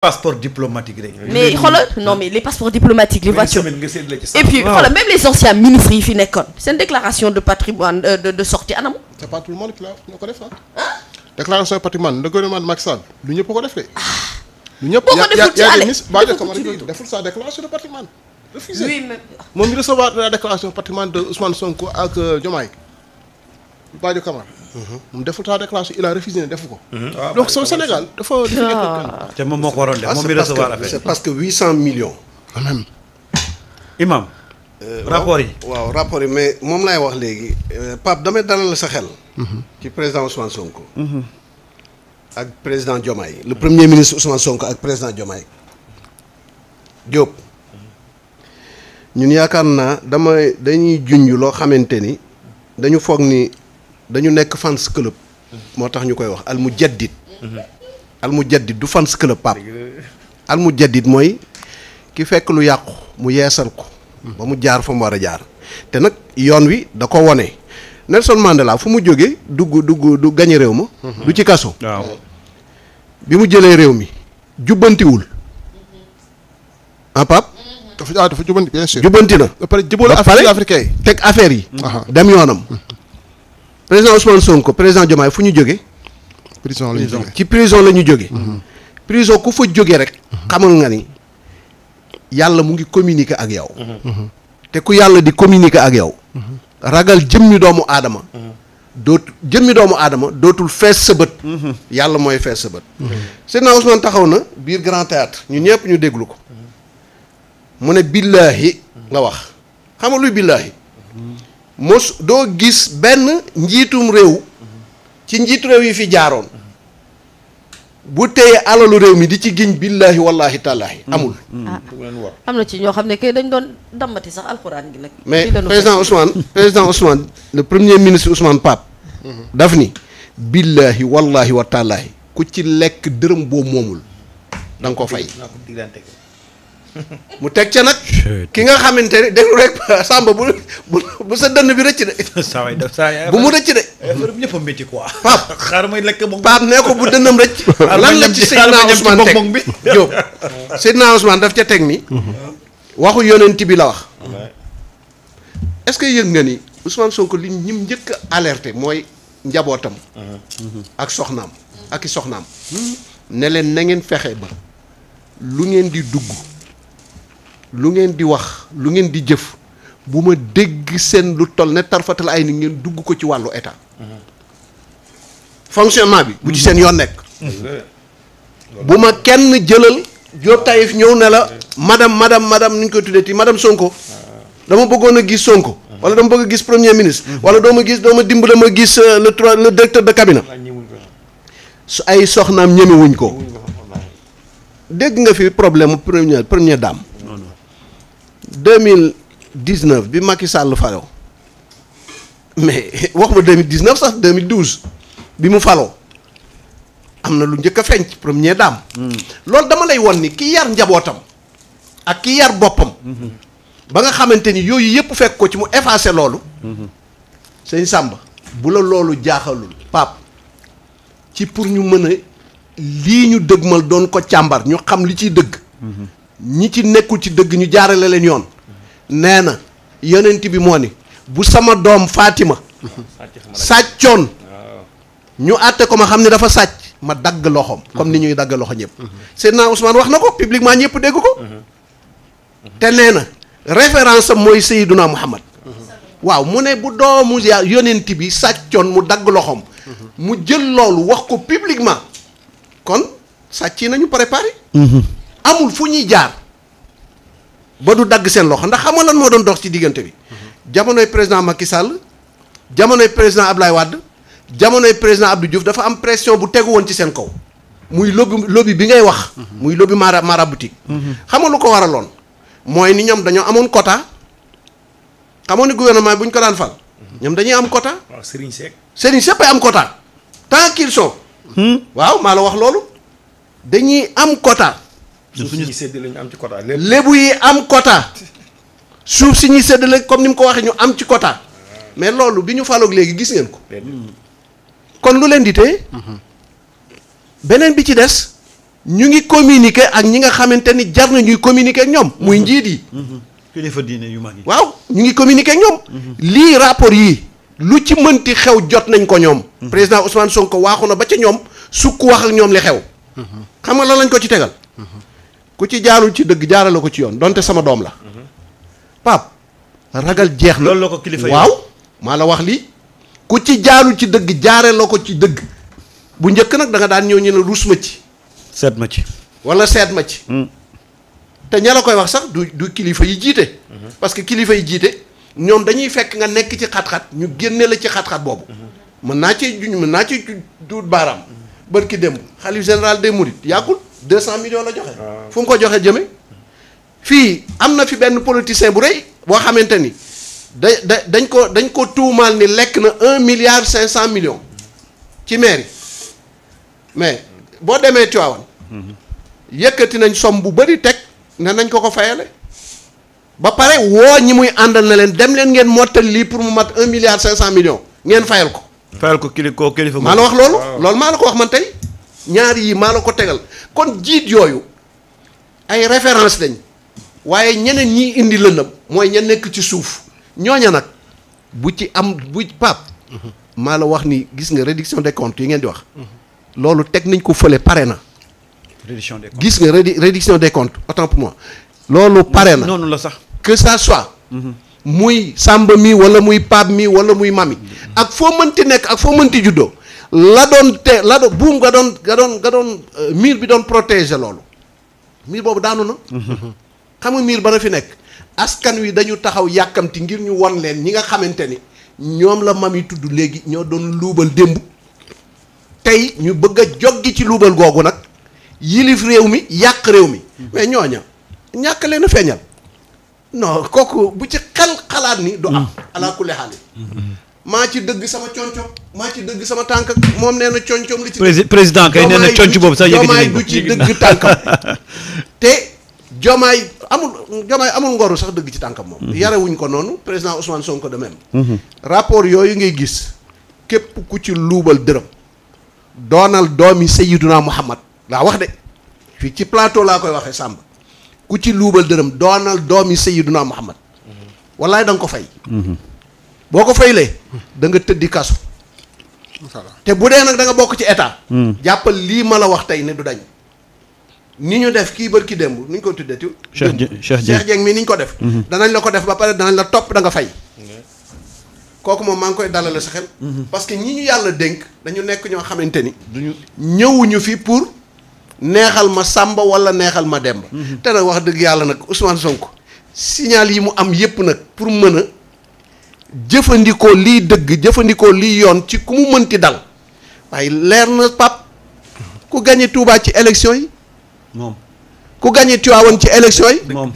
passeport diplomatique rek. mais xoolal non mais les passeports diplomatiques les voitures et puis même les anciens ministres yi fi nekkoon seen déclaration de patrimoine euh, de sortie anamu. c'est pas ah? de patrimoine le gouvernement de Macky Sall du ko def de. du ah. ñëpp y' a y' a des ministres baa déclaration de patrimoine. de patrimoine Sonko ak euh, Diomaye. Badio Camara. moom deful sa déclaration il a refusé ne defu ko. Mhm. Ah, donc soo Sénégal dafa dafa nekk. Ah. te moom moo ko waroon def ah, moom mi recevoir affaire c'est parce que huit cent millions. imam euh, rapport yi waaw rapport yi mais moom laay wax léegi euh, Pape damay dalal sa xel. Mhm. ci président Ousmane Sonko. Mhm. ak président Diomaye le premier ministre Ousmane Sonko ak président Diomaye Diop. ñun yaakaar naa damay dañuy junj loo xamante ni dañu foog ni dañu nekk fans club. moo tax ñu koy wax al mujaddid. al du fans club pap al mujaddid mooy ki fekk lu yàqu mu yeesal ko. ba mu jaar fa mu war a jaar. te nag yoon wi da ko wone Nelson Mandela fu mu jógee dugg dugg du gañe réew ma. du ci kaso. bi mu jëlee réew mi jubbantiwul. ah Pape. dafa ah, dafa jubbanti bien sûr jubbanti na. ba pare jubóol teg affaire yi. dem yoonam. président Ousmane Sonko président Diomaye fu ñu jóge prison la ñu ci prison la ñu jóge mhm. prison ku fa jóge rek mhm. xamal nga ni yàlla mu ngi communiquer ak yow mhm. te ku yàlla di communiquer ak yow ragal jëmmi doomu aadama jëmmi doomu aadama dootul fees sa bët yàlla mooy fees sa bët Seydina Ousmane taxaw na biir grand théâtre ñu ñëpp ñu déglu ko mu ne billaahi nga wax xam nga luy billaahi mos doo gis benn njiitum réew ci njiitu réew yi fi jaaroon bu téye alalu réew mi di ci giñ billaahi wallaahi tallaahi mm. amul mm. Ah. am na ci ñoo xam ne kay dañ doon dambati sax alxuraan gi nag mais président Ousmane président Ousmane le premier ministre Ousmane Pape mm-hmm. daf ni billaahi wallaahi wa ku ci lekk dërëm boo moomul da nga ko fay mu teg ca nag. ki nga xamante ne déglu rek sàmba bu bu sa dënn bi rëcc de. saa waay def saa bu mu rëcc de. affaire bi ñëpp a métti quoi. Pape xaaral nee ko bu dënnam rëcc. lan la ci Seydina Ousmane teg bi. Diop Seydina Ousmane daf ca teg ni. waxu yonent bi la wax. est-ce que yëg nga ni Ousmane Sonko li ñim njëkk a mooy njabootam. Mm-hmm. ak soxnaam. aki soxnaam. ne leen na ngeen fexe ba lu ngeen di dugg. lu ngeen di wax lu ngeen di jëf bu ma dégg seen lu toll ne tarfatal ay ni ngeen dugg ko ci wàllu état fonctionnement bi bu ci seen yoon nekk bu ma kenn jëlal Diop Taïf ñëw ne la madame madame madame ni ñu koy tuddee ti madame Sonko dama bëggoon a gis Sonko wala dama bëgg a gis premier ministre wala doo ma gis doo ma dimbale ma gis euh, le trois le directeur de cabinet su ay soxnaam ñemewuñ ko dégg nga fi problème première première dame deux mille dix neuf bi Macky Sall faloo mais wax ma deux mille dix neuf sax deux mille douze bi mu faloo am na lu njëkk a feeñ première dame. Hmm. loolu dama lay won ni ki yar njabootam ak ki yar boppam. Hmm. ba nga xamante ni yooyu yëpp fekk ko ci mu effacé loolu. Hmm. sëñ Samba bu la loolu jaaxalul pap ci pour ñu mën a lii ñu dëgmal doon ko càmbar ñu xam li ciy dëgg. ñi ci nekkul ci dëgg ñu jaarale leen yoon nee na yonent bi moo ni bu sama doom Fatima sàccoon ñu àtte ko ma xam ne dafa sàcc ma dagg loxoom comme ni ñuy dagg loxo ñëpp Seydina Ousmane wax na ko publiquement ñëpp dégg ko te na référence mooy Seydina Muhammad waaw mu ne bu doomu yonent bi sàccoon mu dagg loxoom mu jël loolu wax ko publiquement kon sàcc yi nañu préparé mhm. amul fu ñuy jaar ba du dagg seen loxo ndax xam nga lan moo doon dox ci diggante bi jamonoy président Macky sàll jamonoy président ab Ablaye wàdd jamonoy président Abdou Diouf dafa am pression bu tegu woon ci seen kaw muy lobby lobby bi ngay wax muy lobby mara maraboutique xam nga lu ko waraloon mooy ni ñoom dañoo amoon quota xamoon ni gouvernement bu ñu ko daan fal ñoom dañuy am quota waaw Serigne Seck Serigne am quota tant qu'ils sont hmm? waaw maa la wax loolu dañuy am quota suuf si ñuy séddale am ci quota lébu yi am quota suuf si ñuy séddale comme ni mu ko waxee ñu am ci quota mais loolu bi ñu faloog léegi gis ngeen kon lu leen di téye. Mhm. beneen bi ci des ñu ngi communiquer ak ñi nga xamante ni jar na ñuy ñoom. muy mhm. njiit yi. Mhm. kilifa yu mag yi. waaw ñu ngi communiquer ak ñoom. lii rapport yi lu ci mënti xew jot nañ ko ñoom. président Ousmane Sonko waaxu na ba ca ñoom sukk wax ak ñoom li xew. xam nga lan lañ ko ci tegal. ku ci jaarul ci dëgg jaarale ko ci yoon donte sama doom la pap ragal jeex na loolu la ko kilifa waaw maa la wax lii ku ci jaarul ci dëgg jaare la ko ci dëgg bu njëkk nag danga daan ñëw ñu ne ruus ma ci seet ma ci wala seet ma ci hmm. te ña la koy wax sax du du kilifa yi jiite hmm. parce que kilifa yi jiite ñoom dañuy fekk nga nekk ci xat-xat ñu génne la ci xat-xat boobu hmm. mën naa ci juñ mën naa ci duut baaraam barki démb xalif général des mourides yàggul 200 millions la joxe. Ah. fu mu ko joxe jëme fii am na fi benn politicien bu rëy boo xamante ni da da dañ ko dañ ko tuumaal ni lekk na 1 milliard 500 millions ci mairie mais boo demee Tivaouane. Mhm. yëkkati nañ som bu bari teg ne nañ ko ko fayale ba pare woo ñi muy àndal na leen dem leen ngeen mottal lii pour mu mat 1 milliard 500 millions ngeen fayal ko. fayal ko kili koo kilifa maa la wax loolu. loolu maa la ko wax man tey. ñaar yii maa la ko tegal kon jiit yooyu ay référence lañ waaye ñeneen ñi indi lëndam mooy ña nekk ci suuf ñooña nag bu ci am bu pap maa la wax ni gis nga réduction des comptes yi ngeen di wax loolu teg nañ ko fële pare na gis nga réduction des comptes autant pour moi loolu pare na noonu la sax que sa soit mhm. muy sàmba mi walla muy paab mi wala muy mami ak foo mënti nekk ak foo mënti juddoo la doon te la doon buum nga doon nga doon euh, miir bi doon protéger loolu miir boobu daanu na xam nga miir ba na fi nekk askan wi dañu taxaw yàkkamti ngir ñu won leen ñi nga xamante ni ñoom la mam yi tudd léegi ñoo doon luubal démb tey ñu bëgg a joggi ci luubal googu nag yilif réew mi yàq réew mi mais ñooña ñàkk leen a feeñal no kooku bu ci xel xalaat ni du am mm. alaa kulli maa ci dëgg sama coñco maa ci dëgg sama tànk moom nee na coñcoom li ci. président kay nee na coñc boobu sax yëkkati nañ ko jomaay du ci dëgg amul jomaay sax dëgg ci tànkam moom. Mhm. yarewuñ ko noonu président Ousmane Sonko de même. Mhm. rapport yooyu ngay gis képp ku ci luubal dërëm doonal doomi Sayyiduna Muhammad laa wax de fii ci plateau laa koy waxee Samba ku ci luubal dërëm doonal doomi Sayyiduna Muhammad mhm. wallaay da ko fay. boo ko faylee da nga tëddi kasu te bu dee nag danga bokk ci état hmm. jàppal lii ma la wax tey ne du dañ ni ñu def kii bër ki démb ni ñu ko tuddee Cheikh Cheikh Dieng mi ni ñu ko def hmm. danañ la ko def ba pare danañ la topp danga nga fay kooku moom maa ngi koy dalale sa xel hmm. parce que ñi ñu yàlla dénk dañu nekk ñoo xamante ni duñu ñëwuñu fi pour neexal ma sàmba wala neexal ma demba te nag wax dëgg yàlla nag Ousmane Sonko signal yi mu am yépp nag pour mën a jëfandikoo liy dëgg jëfandikoo liy yoon ci ku mu mënti dal waaye leer na pap ku gagné tuubaa ci élection yi moom ku gagné Tivaouane ci élection yi moom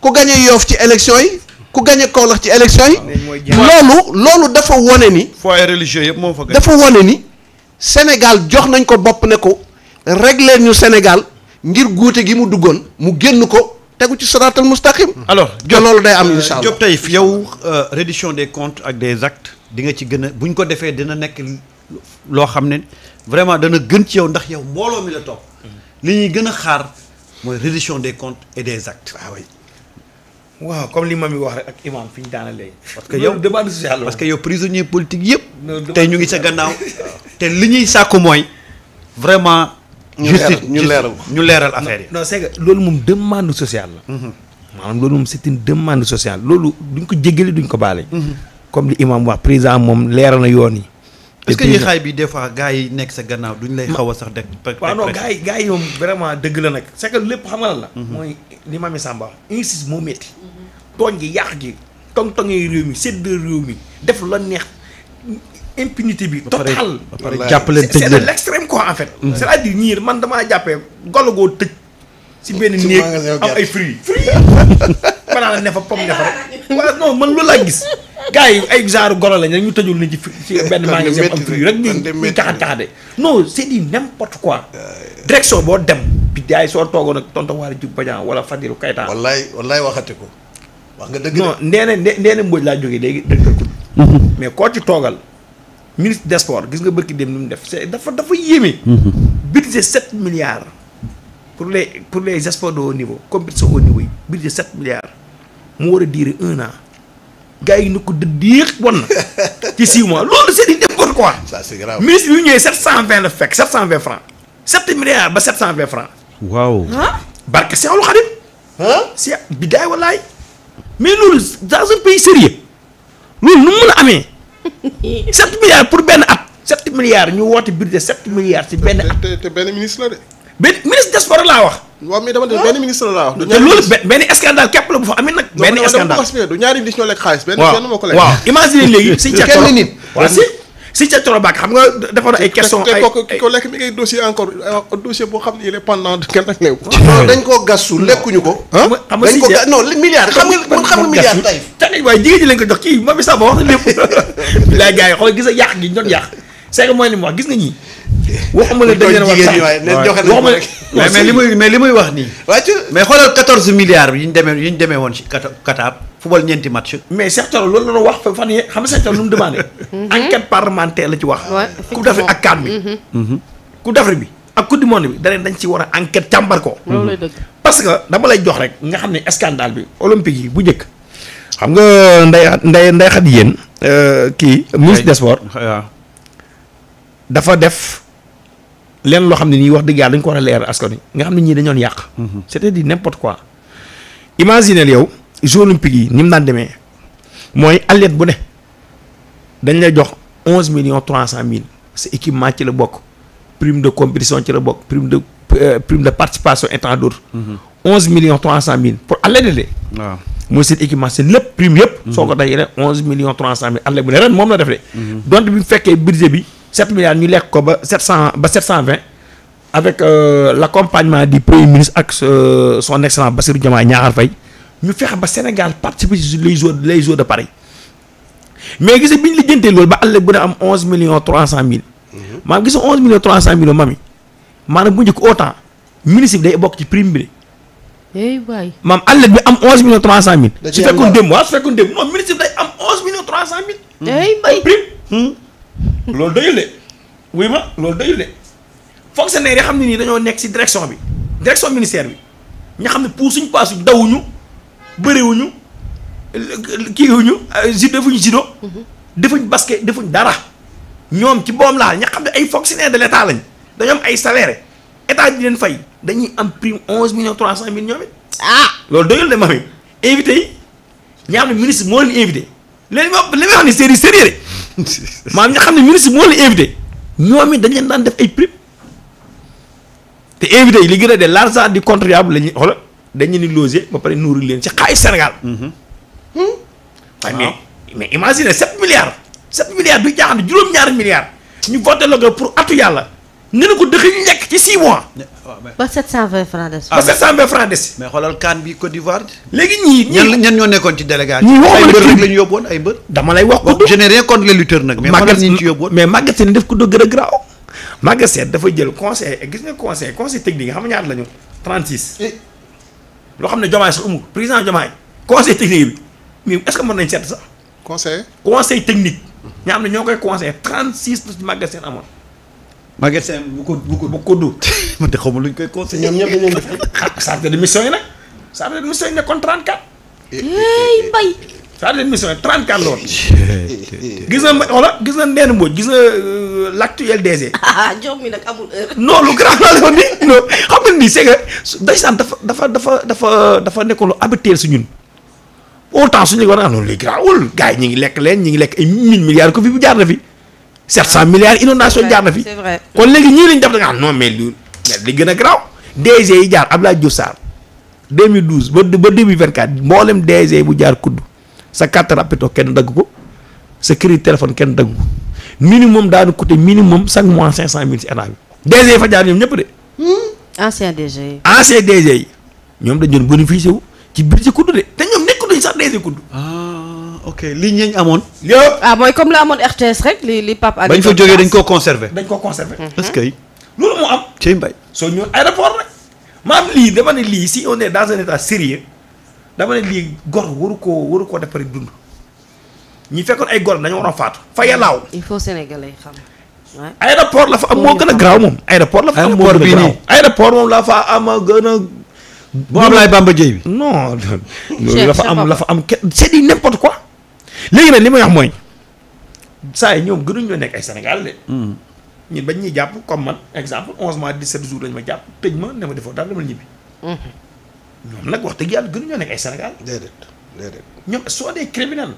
ku gagné Yoff ci élection yi ku gagné Kaolack ci élection yi loolu loolu dafa wone ni foyer religieux yëpp moom dafa wone ni Sénégal jox nañ ko bopp ne ko régler ñu Sénégal ngir guute gi mu duggoon mu génn ko tegu ci siraatal mustaqim alors jo loolu day am incha allah Diop tey yow euh, reddition des comptes ak des actes di nga ci gën a bu ñu ko defee dina nekk loo xam ne vraiment dana gën ci yow ndax yow mbooloo mi la topp li ñuy gën a xaar mooy reddition des comptes et des actes waaw ah waaw comme li ma mi wax rek ak imam fi ñu daanalee parce que yow demande sociale parce que yow prisonnier politique yëpp tey ñu ngi sa gannaaw te li ñuy sàkku mooy vraiment justice ñu leeral ñu leeral affaire yi. non c'est que loolu moom demande sociale la. Mhm. maanaam loolu moom c'est une demande loolu duñ ko jéggale duñ ko baale. Mhm. comme li imam wax président moom leeral na yoon yi. est-ce que yéexaay bi des fois gars yi nekk sa gannaaw duñ lay xaw a sax deg. waaw non gars yi gars yi moom vraiment dëgg la nag. c'est lépp xam la. Mhm. mooy li Mamy Samba insiste moo métti. tooñ gi yàq gi. tong-tong réew mi sédd réew mi def la neex. impunité bi total c'est de l'extrême quoi en fait mm. c'est-à-dire ñii man damaa jàppee golo goo tëj si benn néeg am ay fruits fruits banaana ne fa pomme ne fa rek waaw man loolu laa gis gars ay genre golo lañ rek ñu tëjul ni ci ci benn magasin am fruits rek ñuy caxat caxate non c'est di n'importe quoi direction boo dem bi daay soo toogoon ak tonton Waly Diouf Badiane wala Fadilou Keita wallaay wallaay waxate ko wax nga dëgg non nee na nee na Mbodj laa jógee léegi dëgg ministre des sports gis nga bëkki dem ni mu def c'est dafa dafa yéeme. budget sept milliards. pour les pour les sports de haut niveau compétition haut niveau mu war a diire un an. gars yi ñu ko dëddeex bon na ci six mois loolu c'est n'importe quoi. ça c'est grave ministre yu ñëwee sept cent vingt la fekk sept cent vingt francs. sept milliards ba sept cent vingt francs. waaw barke Seexul Xadim. ah si bidaay mais loolu dans un pays sérieux loolu nu mu a amee. sept milliards pour benn at. sept milliards ñu woote budget sept milliards ci benn at. te te benn ministre la de. benn ministre des sports laa wax. te loolu benn scandale képp la bu fa amee nag. benn scandale du ñaari nit ñoo lekk xaalis. benn moo ko lekk. waaw imagine léegi. si kenn nit. si ca Torobac xam nga dafa ay question ay ki ko lekk mi ngay dossier encore euh, dossier boo xam ne il est pendant kenn rek léew dañ koo gasu lekkuñu ko milliard ah, xam nga milliard tey tey waaye jigéen ñi lañ ko jox kii moom bi sax lépp laay gars yi xool gis a yàq gi ñu doon c'est que mooy mu wax gis nga ñii. waxuma la dañ leen wax sax waxuma la li muy mais li muy wax nii. mais xoolal 14 milliards yi ñu demee yi woon ci Qatar football ñeenti match. mais Cheikh Thioro loolu la doon wax fan yii xam nga Cheikh Thioro lu mm-hmm. Mm-hmm. bi. ak coupe du monde bi da dañ ci war a enquête càmbar ko. Mm-hmm. parce que dama lay jox rek nga xam ne scandale bi olympique yi bu njëkk. xam nga nday nday nday xat yéen kii ministre des sports. dafa def leen loo xam ne nii wax dëgg yàlla dañ ko war a leer askan nga xam ne ñii dañoon yàq. Mhm. c'est-à-dire n'importe quoi. imaginez yow Jeux olympiques yi ni mu daan demee mooy athlète bu ne dañ lay jox onze millions trois cent mille sa équipement ci bokk prime de ci la bokk prime de euh, prime de participation et tant d'autres. Mhm. onze millions trois cent mille pour athlète de. waaw mooy seen équipement seen lépp prime mhm. moom la def de. donc bi fekkee budget bi. 7 milliards ñu lekk ko ba 700 ba 720 avec euh, l' accompagnement du premier ministre ak euh, son excellence Bassirou Diomaye Diakhar Faye ñu fexe ba Sénégal participer ci les Jeux les Jeux de Paris mais gis bi ñu lijjantee loolu ba àll bu ne am 11 millions 300 mille. Mhm. maanaam gis nga 11 millions 300 mille mami maanaam bu njëkk autant ministre bi day bokk ci prime bi. yooyu eh, waay maam bi am 11 millions 300 mille. da su fekkoon démb waaw su fekkoon day am 11 millions 300 mille. yooyu eh, waay loolu doyul de wuy ma loolu doyul de fonctionnaire yi xam ne nii dañoo nekk si direction bi direction ministère bi ña xam ne pour suñ paasu dawuñu bëriwuñu kiiwuñu judo defuñu judo defuñ basket defuñ dara ñoom ci boom laal ña xam ne ay fonctionnaire de l' état lañ dañoo am ay salaire état di leen fay dañuy am prime onze millions trois cent mille ñoom it ah loolu doyul de mami invité yi ña xam ne ministre moo leen invité leen li ma wax ni série série maam nga xam ne ministre moo la invité ñoom it dañ leen daan def ay prime te invité yi li gën a de l'argent di contribuable la ñuy xoolal dañu ni loger ba pare nourrir leen ci xaalis Sénégal. waaw mhm. hmm? ah. mais mais imaginez 7 milliards. 7 milliards du jaaxal juróom-ñaari milliards. ñu voté la ko pour atu yàlla. nga ne ko dëxëñ lekk ci 6 mois. ba 720 francs des. ba ah, des. mais xoolal CAN bi Côte d'Ivoire. léegi ñii ñii ñan ñoo nekkoon ci délégation. ñii waxuma la ay mbër rek la ñu yóbbuwoon ay mbër. dama lay wax ko je n'ai rien contre les a garaaw. Maguette Sène dafa jël conseil gis eh. xam ne Diomaye sax amul président Diomaye conseil technique bi mais est ce que mën nañ seet sax. conseil conseil technique. ña xam ne ñoo koy conseil 36 Maguette Sène amoon Maguette Sène bu ko bu ko bu ko dugg. man de xaw ma luñ koy conseillé. ñoom ñëpp dañ leen def ay chargé de mission yi nag chargé mission yi nekkoon 34. Eh, eh, hey eh, mbay. la gis na wala gis na neen Mbodj gis na euh, l' actuel DG. ah jox mi nag amul heure. non lu grand la woon nii non xam nga ni c'est que dafa dafa dafa dafa dafa nekkoon lu habituel si ñun. autant suñu war a ah noonu luy garaawul gars yi ñu ngi lekk leen ñu ngi lekk ay mille milliards ko fi bu jaar na fi. 700 milliards inondation jaar na fi. c'est vrai kon léegi ñii lañ def da nga xam non mais li li gën a garaaw DG yi jaar Abdoulaye Diouf Sarr 2012 ba ba 2024 mboolem DG bu jaar kudd sa carte rapido kenn dagg ko sa crédit téléphone kenn dagg ko minimum daanu coûté minimum chaque mois 500000 ci état bi DG fa jaar ñoom ñëpp de. Hmm? ancien DG yi. ancien DG ñoom dañu doon bénéficié wu ci biir ci kudd de te ñoom nekkutuñ sax DG ok li ñeeñ amoon. yëpp ah mooy comme la amoon RTS rek li li Pape. bañ fa jógee dañ koo conservé. dañ koo conservé. Mhm. est loolu moo am. cey mbay soo ñëw aéroport rek. maam lii dama ne lii si on est a un état sérieux dama ne lii gor waru koo waru koo def pare dund ñi fekkoon ay gor dañoo war faatu fa yàllaaw. il faut la fa am moo gën a garaaw moom. aéroport la fa am aéroport bii nii aéroport moom la gën a. bu am laay Bamba Dieye bi. non loolu la fa am la fa am kenn c'est du léegi nag li may wax mooy saa yi ñoom gënuñ ñoo nekk ay Sénégal de. Hmm. ñun bañ ñuy jàpp comme man exemple onze mois dix-sept jours lañ ma jàpp tëj ma ne ma defoo daal dama ñibbi. Hmm. ñoom nag wax dëgg yàlla gënuñoo nekk ay Sénégal. déedéet déedéet. ñoom soo dee criminel